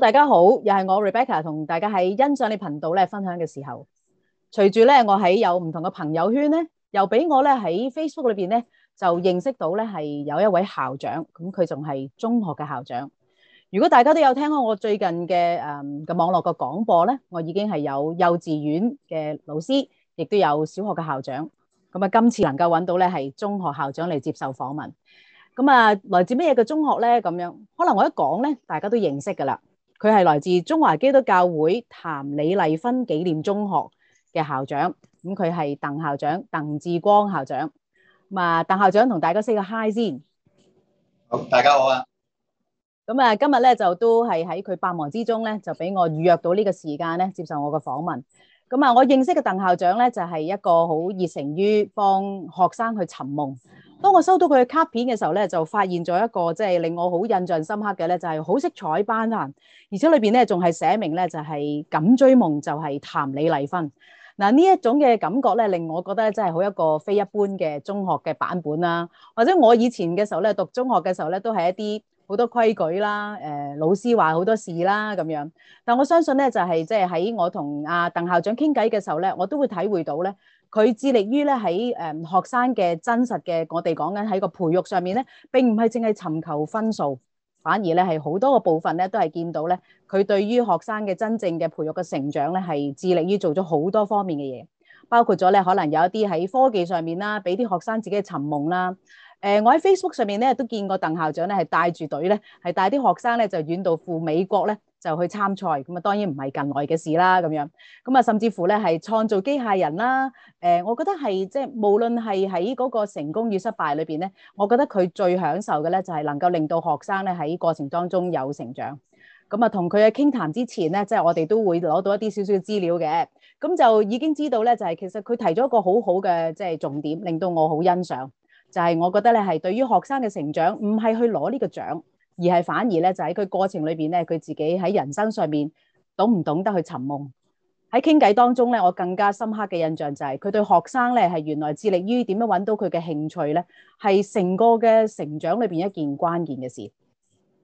大家好，又係我 Rebecca 同大家喺欣賞你頻道咧分享嘅時候，隨住咧我喺有唔同嘅朋友圈咧，又俾我咧喺 Facebook 裏邊咧就認識到咧係有一位校長，咁佢仲係中學嘅校長。如果大家都有聽過我最近嘅誒嘅網絡嘅廣播咧，我已經係有幼稚園嘅老師，亦都有小學嘅校長。咁啊，今次能夠揾到咧係中學校長嚟接受訪問，咁啊，來自乜嘢嘅中學咧？咁樣可能我一講咧，大家都認識噶啦。佢係來自中華基督教會譚李麗芬紀念中學嘅校長，咁佢係鄧校長，鄧志光校長。咁啊，鄧校長同大家 say 個 hi 先，好，大家好啊。咁啊，今日咧就都係喺佢百忙之中咧，就俾我預約到呢個時間咧，接受我嘅訪問。咁啊，我認識嘅鄧校長咧，就係一個好熱誠於幫學生去尋夢。當我收到佢嘅卡片嘅時候咧，就發現咗一個即係令我好印象深刻嘅咧，就係好色彩斑斕，而且裏邊咧仲係寫明咧就係敢追夢就係譚李麗芬」啊。嗱，呢一種嘅感覺咧，令我覺得真係好一個非一般嘅中學嘅版本啦。或者我以前嘅時候咧，讀中學嘅時候咧，都係一啲好多規矩啦，誒、呃、老師話好多事啦咁樣。但我相信咧，就係即係喺我同阿鄧校長傾偈嘅時候咧，我都會體會到咧。佢致力於咧喺誒學生嘅真實嘅，我哋講緊喺個培育上面咧，並唔係淨係尋求分數，反而咧係好多個部分咧都係見到咧，佢對於學生嘅真正嘅培育嘅成長咧係致力於做咗好多方面嘅嘢，包括咗咧可能有一啲喺科技上面啦，俾啲學生自己尋夢啦。誒、呃，我喺 Facebook 上面咧都見過鄧校長咧係帶住隊咧係帶啲學生咧就遠道赴美國咧，就去參賽，咁啊當然唔係近來嘅事啦，咁樣，咁啊甚至乎咧係創造機械人啦，誒、呃，我覺得係即係無論係喺嗰個成功與失敗裏邊咧，我覺得佢最享受嘅咧就係、是、能夠令到學生咧喺過程當中有成長。咁啊同佢喺傾談之前咧，即係我哋都會攞到一啲少少資料嘅，咁就已經知道咧就係、是、其實佢提咗一個好好嘅即係重點，令到我好欣賞，就係、是、我覺得咧係對於學生嘅成長，唔係去攞呢個獎。而係反而咧，就喺佢過程裏邊咧，佢自己喺人生上面懂唔懂得去尋夢。喺傾偈當中咧，我更加深刻嘅印象就係佢對學生咧，係原來致力於點樣揾到佢嘅興趣咧，係成個嘅成長裏邊一件關鍵嘅事。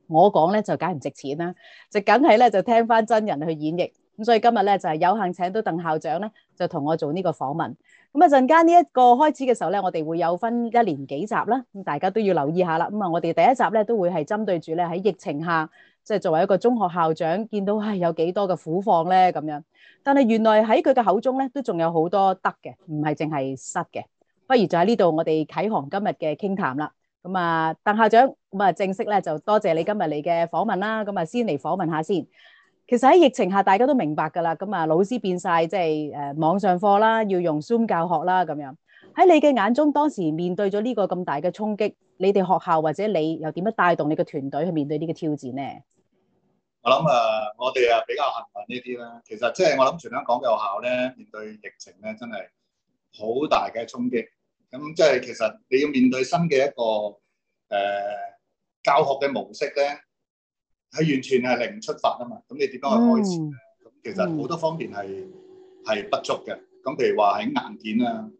我講咧就梗係唔值錢啦，就梗係咧就聽翻真人去演繹咁，所以今日咧就係有幸請到鄧校長咧，就同我做呢個訪問。咁啊，陣間呢一個開始嘅時候咧，我哋會有分一連幾集啦，咁大家都要留意下啦。咁啊，我哋第一集咧都會係針對住咧喺疫情下，即係作為一個中學校長，見到唉有幾多嘅苦況咧咁樣。但係原來喺佢嘅口中咧，都仲有好多得嘅，唔係淨係失嘅。不如就喺呢度，我哋啟航今日嘅傾談啦。咁啊，鄧校長咁啊，正式咧就多謝你今日嚟嘅訪問啦。咁啊，先嚟訪問下先。其實喺疫情下，大家都明白噶啦。咁啊，老師變晒，即係誒網上課啦，要用 Zoom 教學啦，咁樣。喺你嘅眼中，當時面對咗呢個咁大嘅衝擊，你哋學校或者你又點樣帶動你嘅團隊去面對呢個挑戰咧？我諗啊，我哋啊比較幸運呢啲啦。其實即係我諗，全香港嘅學校咧，面對疫情咧，真係好大嘅衝擊。咁即係其實你要面對新嘅一個誒、呃、教學嘅模式咧。佢完全係零出發啊嘛，咁你點樣去開始咧？咁、嗯、其實好多方面係係、嗯、不足嘅。咁譬如話喺硬件啊、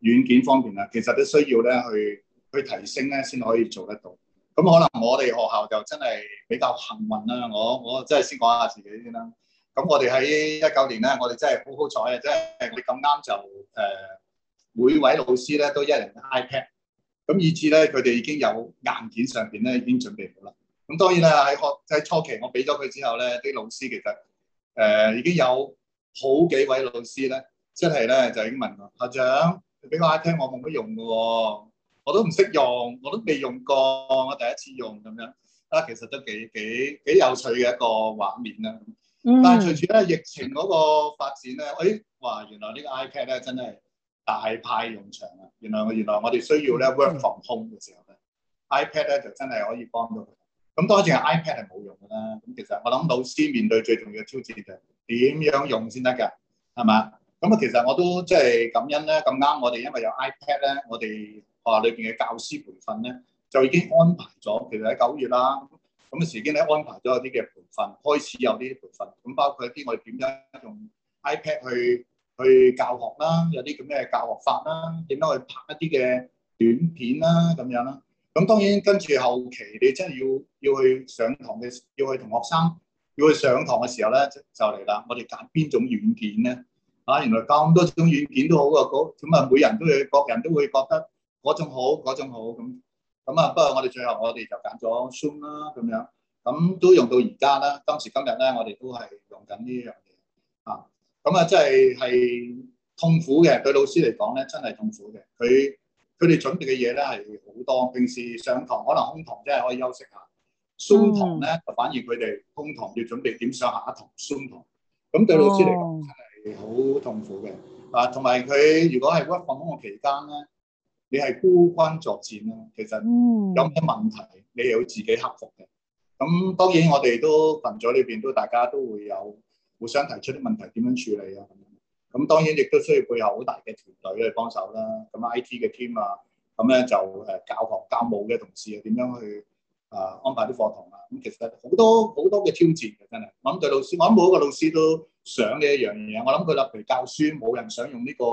軟件方面啊，其實都需要咧去去提升咧，先可以做得到。咁可能我哋學校就真係比較幸運啦。我我真係先講下自己先啦。咁我哋喺一九年咧，我哋真係、即係、好好彩啊！即係你咁啱就誒，每位老師咧都一人 iPad，咁以至咧佢哋已經有硬件上邊咧已經準備好啦。咁當然啦，喺學喺初期，我俾咗佢之後咧，啲老師其實誒已經有好幾位老師咧，即係咧就已經問我：校長，你俾個 iPad 我冇乜用嘅、哦，我都唔識用，我都未用過，我第一次用咁樣。啊，其實都幾幾幾有趣嘅一個畫面啦、啊。但係隨住咧疫情嗰個發展咧，哎，哇！原來個呢個 iPad 咧真係大派用場啊！原來原來我哋需要咧 work from home 嘅時候咧的，iPad 咧就真係可以幫到佢。咁當然係 iPad 係冇用噶啦，咁其實我諗老師面對最重要嘅挑戰就係點樣用先得㗎，係嘛？咁啊其實我都即係感恩咧，咁啱我哋因為有 iPad 咧，我哋學校裏邊嘅教師培訓咧，就已經安排咗，其實喺九月啦，咁嘅時間咧安排咗一啲嘅培訓，開始有啲培訓，咁包括一啲我哋點樣用 iPad 去去教學啦，有啲咁嘅教學法啦，點樣去拍一啲嘅短片啦，咁樣啦。咁當然跟住後期你真係要要去上堂嘅，要去同學生要去上堂嘅時候咧，就嚟啦！我哋揀邊種軟件咧？啊，原來咁多種軟件都好啊，咁啊，每人都有，各人都會覺得嗰種好，嗰種好咁。咁啊，不過我哋最後我哋就揀咗 Zoom 啦、啊，咁樣咁、啊、都用到而家啦。當時今日咧，我哋都係用緊呢樣嘢啊。咁啊，真係係痛苦嘅，對老師嚟講咧，真係痛苦嘅。佢佢哋準備嘅嘢咧，係好多，平時上堂可能空堂真係可以休息下，松堂咧就反而佢哋空堂要準備點上下一堂松堂。咁對老師嚟講、oh. 真係好痛苦嘅。嗱、啊，同埋佢如果係屈放空嘅期間咧，你係孤軍作戰啦，其實有咩問題、mm. 你係要自己克服嘅。咁當然我哋都群組裏邊都大家都會有互相提出啲問題，點樣處理啊？咁當然亦都需要背後好大嘅團隊去幫手啦。咁 I T 嘅 team 啊，咁咧就誒教學教務嘅同事點、啊、樣去啊安排啲課堂啊。咁其實好多好多嘅挑戰嘅真係。我諗對老師，我諗每一個老師都想呢一樣嘢。我諗佢例如教書，冇人想用呢、這個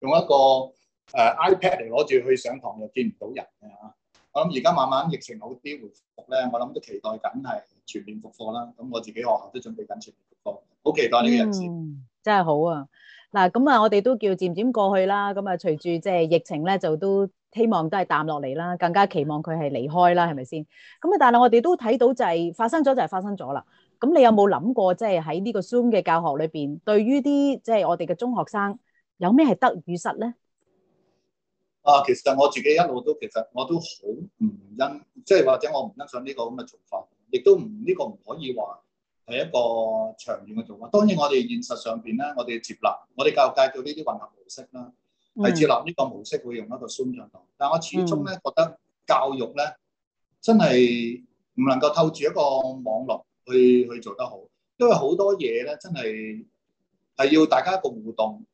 用一個誒 iPad 嚟攞住去上堂又見唔到人嘅嚇。我諗而家慢慢疫情好啲回復咧，我諗都期待緊係全面復課啦。咁我自己學校都準備緊全面復課，好期待呢個日子。嗯、真係好啊！嗱咁啊，我哋都叫漸漸過去啦。咁啊，隨住即係疫情咧，就都希望都係淡落嚟啦。更加期望佢係離開啦，係咪先？咁啊，但係我哋都睇到就係發生咗，就係發生咗啦。咁你有冇諗過，即係喺呢個 Zoom 嘅教學裏邊，對於啲即係我哋嘅中學生有咩係得與失咧？啊，其實我自己一路都其實我都好唔欣，即係或者我唔欣賞呢個咁嘅做法，亦都唔呢個唔可以話。係一個長遠嘅做法。當然我哋現實上邊咧，我哋接納，我哋教育界叫做呢啲混合模式啦，係、嗯、接納呢個模式會用一個線上堂。但我始終咧、嗯、覺得教育咧真係唔能夠透住一個網絡去去做得好，因為好多嘢咧真係係要大家一個互動，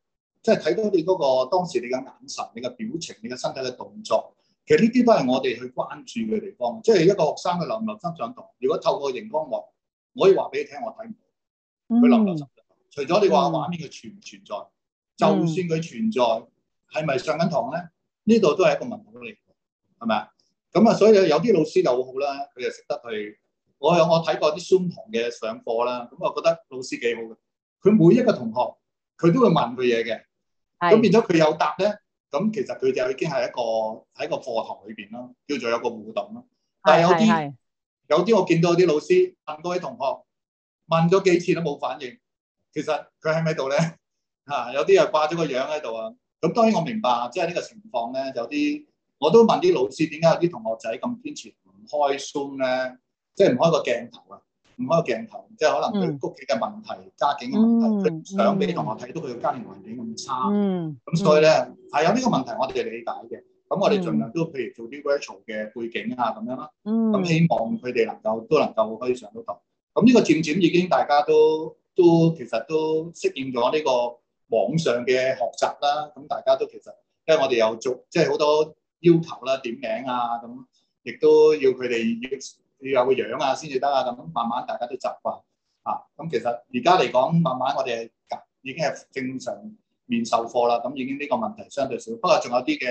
即係睇到你嗰個當時你嘅眼神、你嘅表情、你嘅身體嘅動作。其實呢啲都係我哋去關注嘅地方，即係一個學生佢留唔留心上堂。如果透過熒光幕。我可以話俾你聽，我睇唔到佢留唔留心。嗯、除咗你話畫面佢存唔存在，嗯、就算佢存在，係咪上緊堂咧？呢度都係一個問號嚟，係咪啊？咁啊，所以有啲老師就好啦，佢就識得去。我有我睇過啲 Zoom 堂嘅上課啦，咁我覺得老師幾好嘅。佢每一個同學，佢都會問佢嘢嘅，咁的變咗佢有答咧，咁其實佢就已經係一個喺個課堂裏邊啦，叫做有個互動啦。但係有啲。有啲我見到啲老師問多啲同學，問咗幾次都冇反應。其實佢喺唔喺度咧？嚇， 有啲又掛咗個樣喺度啊。咁當然我明白，即係呢個情況咧，有啲我都問啲老師點解有啲同學仔咁堅持唔開 Zoom 咧？即係唔開個鏡頭啊，唔開個鏡頭，即係可能佢屋企嘅問題、嗯、家境嘅問題，佢唔想俾同學睇到佢嘅家庭環境咁差。咁、嗯、所以咧係有呢個問題，我哋理解嘅。咁、嗯、我哋儘量都，譬如做啲 virtual 嘅背景啊，咁樣啦，咁、嗯、希望佢哋能夠都能夠可以上到堂。咁呢個漸漸已經大家都都其實都適應咗呢個網上嘅學習啦。咁大家都其實，因為我哋又做即係好多要求啦，點名啊，咁亦都要佢哋要，要有個樣啊先至得啊。咁慢慢大家都習慣啊。咁其實而家嚟講，慢慢我哋已經係正常面授課啦。咁已經呢個問題相對少，不過仲有啲嘅。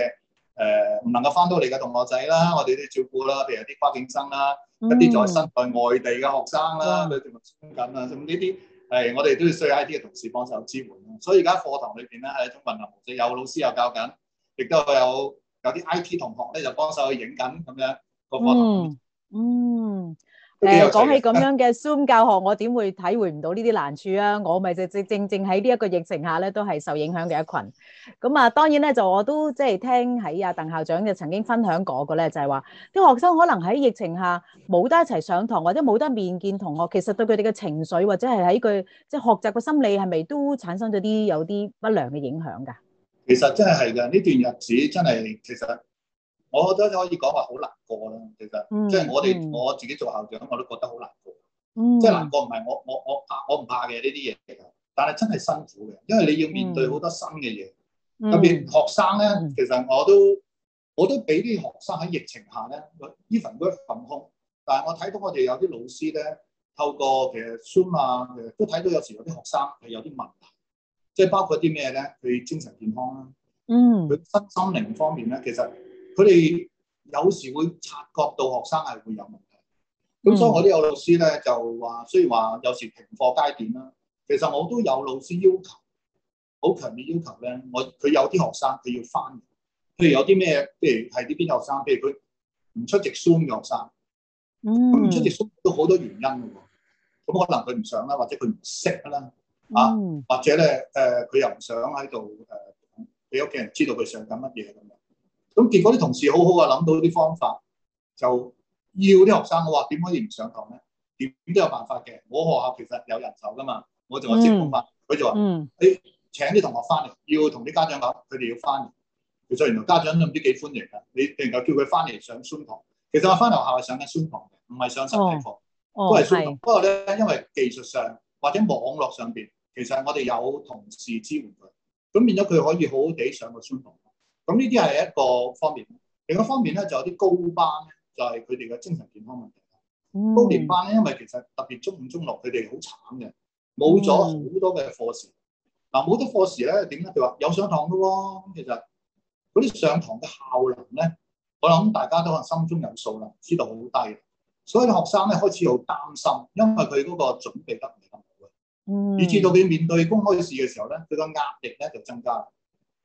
誒唔、呃、能夠翻到嚟嘅同學仔啦，我哋都要照顧啦，譬如啲跨境生啦，嗯、一啲在身在外地嘅學生啦，佢哋咪衝，咁呢啲係我哋都要需要 I T 嘅同事幫手支援。所以而家課堂裏邊咧係一種混合模式，有老師又教緊，亦都有有啲 I T 同學咧就幫手去影緊咁樣個課堂，嗯。嗯。誒，講起咁樣嘅 Zoom 教學，我點會體會唔到呢啲難處啊？我咪正正正正喺呢一個疫情下咧，都係受影響嘅一群。咁啊，當然咧，就我都即係聽喺啊鄧校長嘅曾經分享過，個咧就係話，啲學生可能喺疫情下冇得一齊上堂，或者冇得面見同學，其實對佢哋嘅情緒或者係喺佢即係學習嘅心理，係咪都產生咗啲有啲不良嘅影響噶？其實真係係噶，呢段日子真係其實。我覺得可以講話好難過啦，其實，即係我哋我自己做校長，我都覺得好難過。即係、嗯、難過唔係我我我，我怕我唔怕嘅呢啲嘢，但係真係辛苦嘅，因為你要面對好多新嘅嘢，嗯、特別學生咧。嗯、其實我都我都俾啲學生喺疫情下咧，even 嗰一份空。但係我睇到我哋有啲老師咧，透過其實 Zoom 啊，其實都睇到有時有啲學生係有啲問題，即係包括啲咩咧？佢精神健康啦，嗯，佢心心靈方面咧，其實。佢哋有時會察覺到學生係會有問題，咁所以我都有老師咧就話，雖然話有時停課階段啦，其實我都有老師要求，好強烈要求咧。我佢有啲學生佢要翻，譬如有啲咩，譬如係啲邊學生，譬如佢唔出席 zoom 嘅學生，唔、嗯、出席 zoom 都好多原因嘅喎。咁可能佢唔上啦，或者佢唔識啦，啊，嗯、或者咧誒佢又唔想喺度誒，俾屋企人知道佢上緊乜嘢咁樣。咁結果啲同事好好啊，諗到啲方法，就要啲學生我話點可以唔上堂咧？點都有辦法嘅。我學校其實有人手噶嘛，我就話接觸法，佢、嗯、就話：嗯、你請啲同學翻嚟，要同啲家長講，佢哋要翻嚟。其實原來家長都唔知幾歡迎噶，你能夠叫佢翻嚟上宣堂。其實我翻嚟學校係上緊宣堂嘅，唔係上實體課，都係宣堂。不過咧，因為技術上或者網絡上邊，其實我哋有同事支援佢，咁變咗佢可以好好地上個宣堂。咁呢啲係一個方面，另一方面咧就有啲高班咧，就係佢哋嘅精神健康問題。嗯、高年班咧，因為其實特別中五中六，佢哋好慘嘅，冇咗好多嘅課時。嗱、嗯，冇得、啊、課時咧，點咧？佢話有上堂嘅喎，其實嗰啲上堂嘅效能咧，我諗大家都可能心中有數啦，知道好低。所以學生咧開始好擔心，因為佢嗰個準備得唔係咁好。嗯。以至到佢面對公開試嘅時候咧，佢個壓力咧就增加。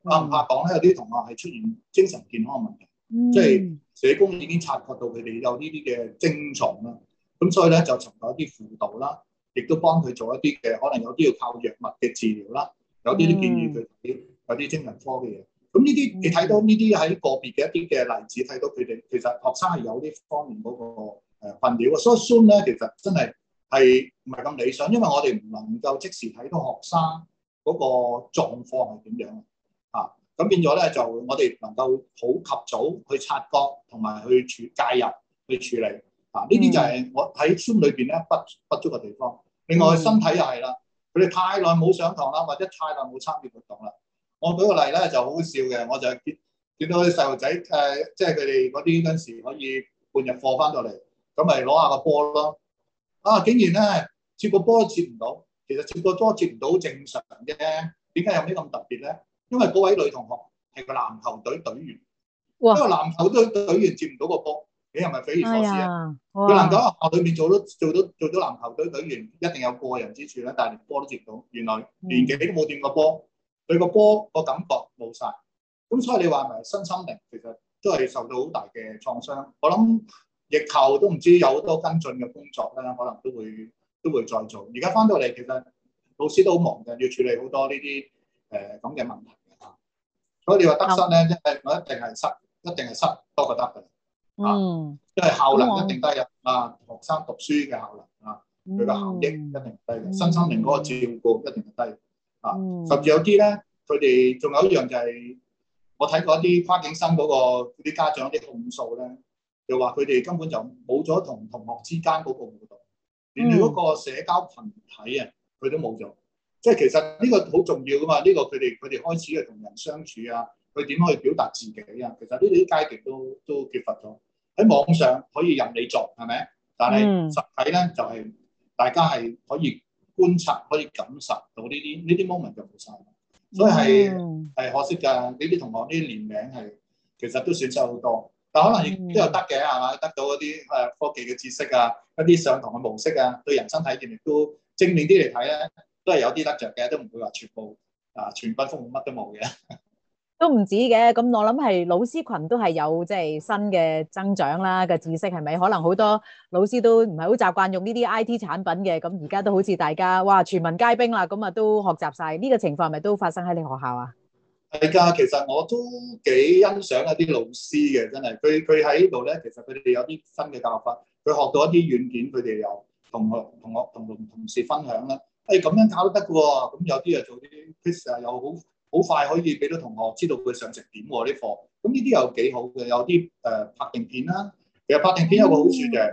我唔怕講咧，有啲同學係出現精神健康問題，即係、嗯、社工已經察覺到佢哋有呢啲嘅症狀啦。咁所以咧就尋求一啲輔導啦，亦都幫佢做一啲嘅可能有啲要靠藥物嘅治療啦，有啲都建議佢睇、嗯、有啲精神科嘅嘢。咁呢啲你睇到呢啲喺個別嘅一啲嘅例子，睇到佢哋其實學生係有呢方面嗰個誒困擾啊。所以 s o 咧，其實真係係唔係咁理想，因為我哋唔能夠即時睇到學生嗰個狀況係點樣。啊，咁變咗咧，就我哋能夠好及早去察覺，同埋去處介入去處理啊。呢啲就係我喺村裏邊咧，不不足嘅地方。另外、嗯、身體又係啦，佢哋太耐冇上堂啦，或者太耐冇參與活動啦。我舉個例咧就好笑嘅，我就見見到啲細路仔誒，即係佢哋嗰啲嗰陣時可以半日課翻到嚟，咁咪攞下個波咯。啊，竟然咧接個波都接唔到，其實接個波接唔到正常嘅，點解有啲咁特別咧？因為嗰位女同學係個籃球隊隊員，哇因為籃球隊隊員接唔到個波，你係咪匪夷所思啊？佢難學校裏面做到做到做到籃球隊隊員一定有過人之處咧，但係連波都接唔到，原來年紀都冇掂個波，對個波個感覺冇晒。咁所以你話咪身心靈其實都係受到好大嘅創傷。我諗疫後都唔知有好多跟進嘅工作咧，可能都會都會再做。而家翻到嚟，其實老師都好忙嘅，要處理好多呢啲。誒，咁嘅問題啊！所以你話得失咧，即、就、係、是、我一定係失，一定係失多過得嘅。啊，嗯、因為效能一定低嘅、嗯、啊，學生讀書嘅效能啊，佢嘅、嗯、效益一定低嘅，身、嗯、心靈嗰個照顧一定係低啊，甚至有啲咧，佢哋仲有一樣就係、是、我睇過一啲跨境生嗰個嗰啲家長啲控訴咧，就話佢哋根本就冇咗同同學之間嗰個互動，嗯、連嗰個社交群體啊，佢都冇咗。即係其實呢個好重要噶嘛，呢、這個佢哋佢哋開始啊同人相處啊，佢點可以表達自己啊，其實呢啲啲階段都都缺乏咗。喺網上可以任你作係咪？但係實體咧、嗯、就係大家係可以觀察、可以感受到呢啲呢啲 moment 就冇晒。所以係係、嗯、可惜㗎。呢啲同學呢啲年齡係其實都損失好多，但可能亦都有得嘅係嘛，得到嗰啲誒科技嘅知識啊，一啲上堂嘅模式啊，對人生體驗亦都正面啲嚟睇咧。都係有啲得着嘅，都唔會話全部啊，全軍覆沒乜都冇嘅。都唔止嘅，咁我諗係老師群都係有即係、就是、新嘅增長啦，嘅知識係咪？可能好多老師都唔係好習慣用呢啲 IT 產品嘅，咁而家都好似大家哇全民皆兵啦，咁啊都學習晒。呢個情況係咪都發生喺你學校啊？係噶，其實我都幾欣賞一啲老師嘅，真係佢佢喺度咧，其實佢哋有啲新嘅教學法，佢學到一啲軟件，佢哋又同學同學，同，學，同，學同，同，同，同，同同事分享咧。誒咁樣搞都得嘅喎，咁、嗯、有啲啊做啲 case 又好好快可以俾到同學知道佢上食點喎啲課，咁呢啲又幾好嘅。有啲誒、呃、拍定片啦，其實拍定片有個好處嘅。係、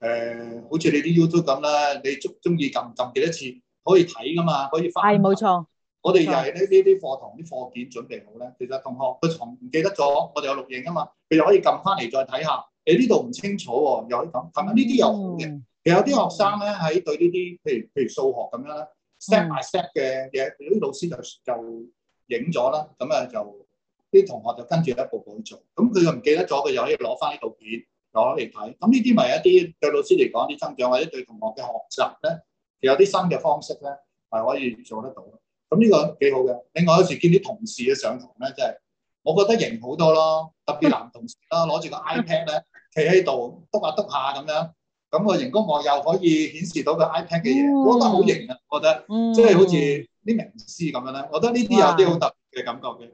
嗯呃、好似你啲 YouTube 咁啦，你中中意撳撳幾多次可以睇噶嘛，可以翻。係、哎，冇錯。我哋又係呢啲啲課堂啲錯課件準備好咧，其實同學佢從唔記得咗，我哋有錄影啊嘛，佢就可以撳翻嚟再睇下。你呢度唔清楚喎，又可以撳撳下，呢啲又好嘅。嗯。其實有啲學生咧喺對呢啲，譬如譬如數學咁樣啦，set 埋 set 嘅嘢，啲老師就就影咗啦，咁啊就啲同學就跟住一步步去做，咁佢又唔記得咗，佢又可以攞翻呢套片攞嚟睇，咁呢啲咪一啲對老師嚟講啲增長，或者對同學嘅學習咧，其實有啲新嘅方式咧係可以做得到。咁呢個幾好嘅。另外有時見啲同事上堂咧，真係我覺得型好多咯，特別男同事啦，攞住個 iPad 咧，企喺度篤下篤下咁樣。咁個熒光幕又可以顯示到個 iPad 嘅嘢，嗯、我覺得好型啊！我覺得，即係、嗯、好似啲名師咁樣咧，我覺得呢啲有啲好特別嘅感覺嘅。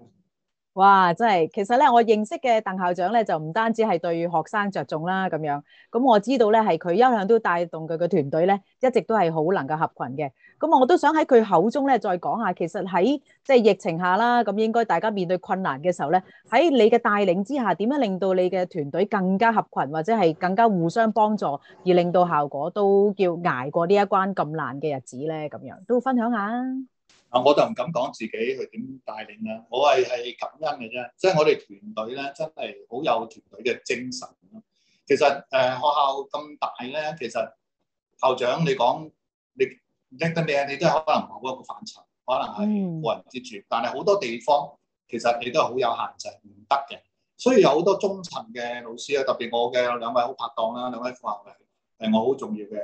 哇！真係，其實咧，我認識嘅鄧校長咧，就唔單止係對學生着重啦咁樣。咁、嗯、我知道咧，係佢一向都帶動佢嘅團隊咧，一直都係好能夠合群嘅。咁、嗯、啊，我都想喺佢口中咧再講下，其實喺即係疫情下啦，咁應該大家面對困難嘅時候咧，喺你嘅帶領之下，點樣令到你嘅團隊更加合群，或者係更加互相幫助，而令到效果都叫捱過呢一關咁難嘅日子咧咁樣，都分享下啊！啊！我就唔敢講自己去點帶領啦，我係係感恩嘅啫。即係我哋團隊咧，真係好有團隊嘅精神。其實誒、呃、學校咁大咧，其實校長你講你叻得咩？你都係可能某一個範疇，可能係個人接住。嗯、但係好多地方其實你都係好有限制，唔得嘅。所以有好多中層嘅老師啊，特別我嘅兩位好拍檔啦，兩位副校係係我好重要嘅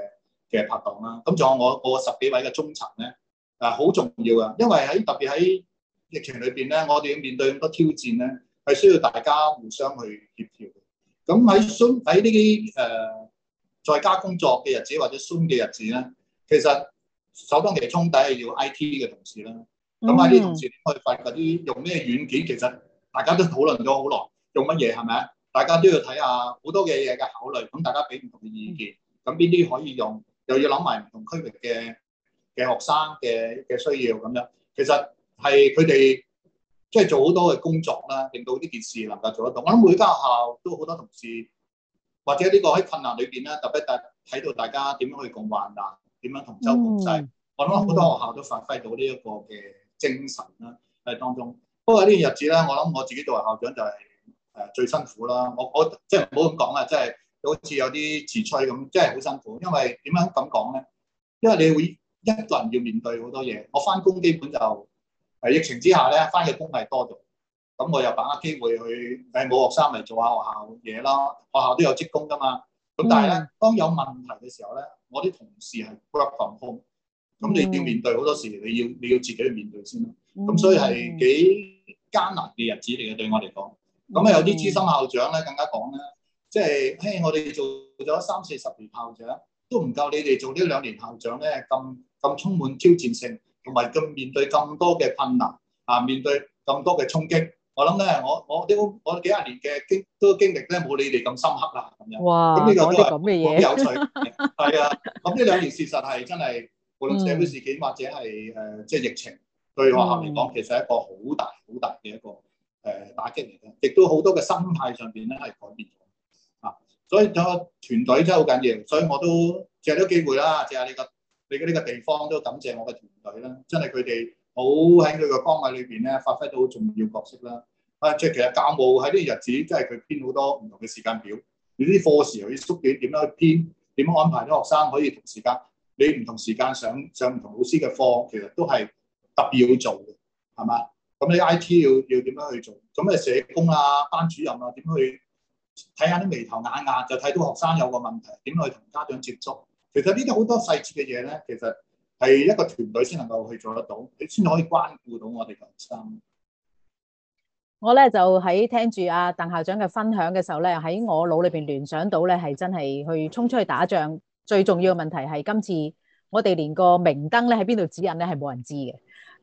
嘅拍檔啦。咁仲有我我十幾位嘅中層咧。嗱，好重要啊！因為喺特別喺疫情裏邊咧，我哋要面對咁多挑戰咧，係需要大家互相去協調。咁喺 Zoom 喺呢啲誒在家工作嘅日子或者 Zoom 嘅日子咧，其實首當其衝第一係要 IT 嘅同事啦。咁喺啲同事你可以發覺嗰啲用咩軟件，其實大家都討論咗好耐，用乜嘢係咪？大家都要睇下好多嘅嘢嘅考慮，咁大家俾唔同嘅意見，咁邊啲可以用，又要諗埋唔同區域嘅。嘅學生嘅嘅需要咁樣，其實係佢哋即係做好多嘅工作啦，令到呢件事能夠做得到。我諗每間學校都好多同事，或者呢個喺困難裏邊咧，特別大睇到大家點樣去共患難，點樣同舟共濟。嗯、我諗好多學校都發揮到呢一個嘅精神啦喺當中。不過呢段日子咧，我諗我自己作為校長就係誒最辛苦啦。我我即係唔好咁講啊，即係好似有啲自吹咁，即係好辛苦。因為點樣咁講咧？因為你會。一個人要面對好多嘢，我翻工基本就喺疫情之下咧，翻嘅工係多咗，咁我又把握機會去誒冇、哎、學生嚟做下學校嘢啦，學校都有職工噶嘛，咁但係咧，嗯、當有問題嘅時候咧，我啲同事係 work from home，咁你要面對好多事，嗯、你要你要自己去面對先啦，咁、嗯、所以係幾艱難嘅日子嚟嘅對我嚟講。咁啊有啲資深校長咧更加講咧，即、就、係、是、嘿我哋做咗三四十年校長。都唔夠你哋做呢兩年校長咧，咁咁充滿挑戰性，同埋咁面對咁多嘅困難啊，面對咁多嘅衝擊。我諗咧，我我都我幾廿年嘅經都經歷咧，冇你哋咁深刻啦咁樣。哇！咁呢這個都係是好 有趣。係啊，咁呢兩年事實係真係，無論社會事件或者係誒、嗯、即係疫情，對學校嚟講其實係一個好大好大嘅一個誒打擊嚟嘅，亦都好多嘅心態上邊咧係改變。所以咁啊，嗰個、團隊真係好緊要，所以我都借咗機會啦，借下你個呢個呢個地方都感謝我嘅團隊啦，真係佢哋好喺佢個崗位裏邊咧發揮到好重要角色啦。啊，即係其實教務喺呢啲日子，即係佢編好多唔同嘅時間表，你啲課時又要縮點，點樣去編，點樣安排啲學生可以同時間，你唔同時間上上唔同老師嘅課，其實都係特別要做嘅，係嘛？咁你 IT 要要點樣去做？咁你社工啊，班主任啊，點去？睇下啲眉頭眼額，就睇到學生有個問題，點去同家長接觸？其實呢啲好多細節嘅嘢咧，其實係一個團隊先能夠去做得到，你先可以關顧到我哋學生。我咧就喺聽住阿鄧校長嘅分享嘅時候咧，喺我腦裏邊聯想到咧，係真係去衝出去打仗最重要嘅問題係今次。我哋連個明燈咧喺邊度指引咧係冇人知嘅。誒、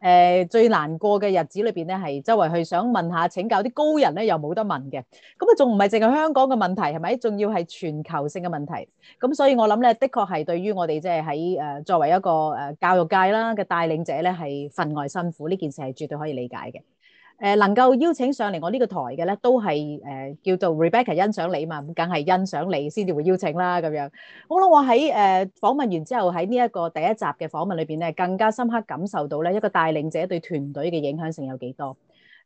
呃、最難過嘅日子裏邊咧係周圍去想問下請教啲高人咧又冇得問嘅。咁啊仲唔係淨係香港嘅問題係咪？仲要係全球性嘅問題。咁所以我諗咧，的確係對於我哋即係喺誒作為一個誒教育界啦嘅帶領者咧係分外辛苦。呢件事係絕對可以理解嘅。誒，能夠邀請上嚟我呢個台嘅咧，都係誒叫做 Rebecca 欣賞你嘛，咁梗係欣賞你先至會邀請啦，咁樣。好啦，我喺誒訪問完之後，喺呢一個第一集嘅訪問裏邊咧，更加深刻感受到咧一個帶領者對團隊嘅影響性有幾多。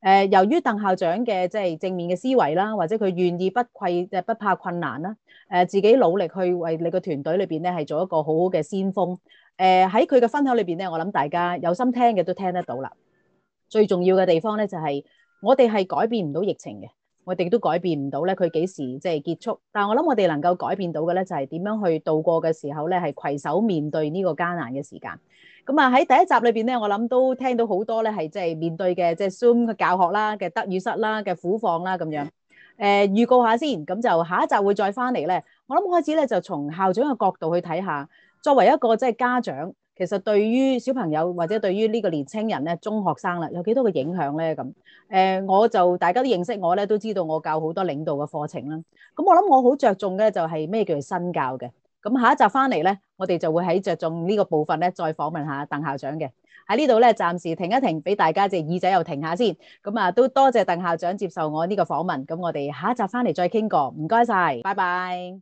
誒，由於鄧校長嘅即係正面嘅思維啦，或者佢願意不愧即係不怕困難啦，誒自己努力去為你個團隊裏邊咧係做一個好好嘅先鋒。誒喺佢嘅分享裏邊咧，我諗大家有心聽嘅都聽得到啦。最重要嘅地方咧，就係我哋係改變唔到疫情嘅，我哋都改變唔到咧佢幾時即係結束。但係我諗我哋能夠改變到嘅咧，就係點樣去度過嘅時候咧，係攜手面對呢個艱難嘅時間。咁啊喺第一集裏邊咧，我諗都聽到好多咧係即係面對嘅即係 Zoom 嘅教學啦、嘅得與失啦、嘅苦況啦咁樣。誒預告下先，咁就下一集會再翻嚟咧。我諗開始咧就從校長嘅角度去睇下，作為一個即係家長。其實對於小朋友或者對於呢個年青人咧，中學生啦，有幾多嘅影響咧咁？誒，我就大家都認識我咧，都知道我教好多領導嘅課程啦。咁我諗我好着重嘅，就係咩叫做新教嘅。咁下一集翻嚟咧，我哋就會喺着重呢個部分咧，再訪問下鄧校長嘅。喺呢度咧，暫時停一停，俾大家隻耳仔又停下先。咁啊，都多謝鄧校長接受我呢個訪問。咁我哋下一集翻嚟再傾過。唔該晒，拜拜。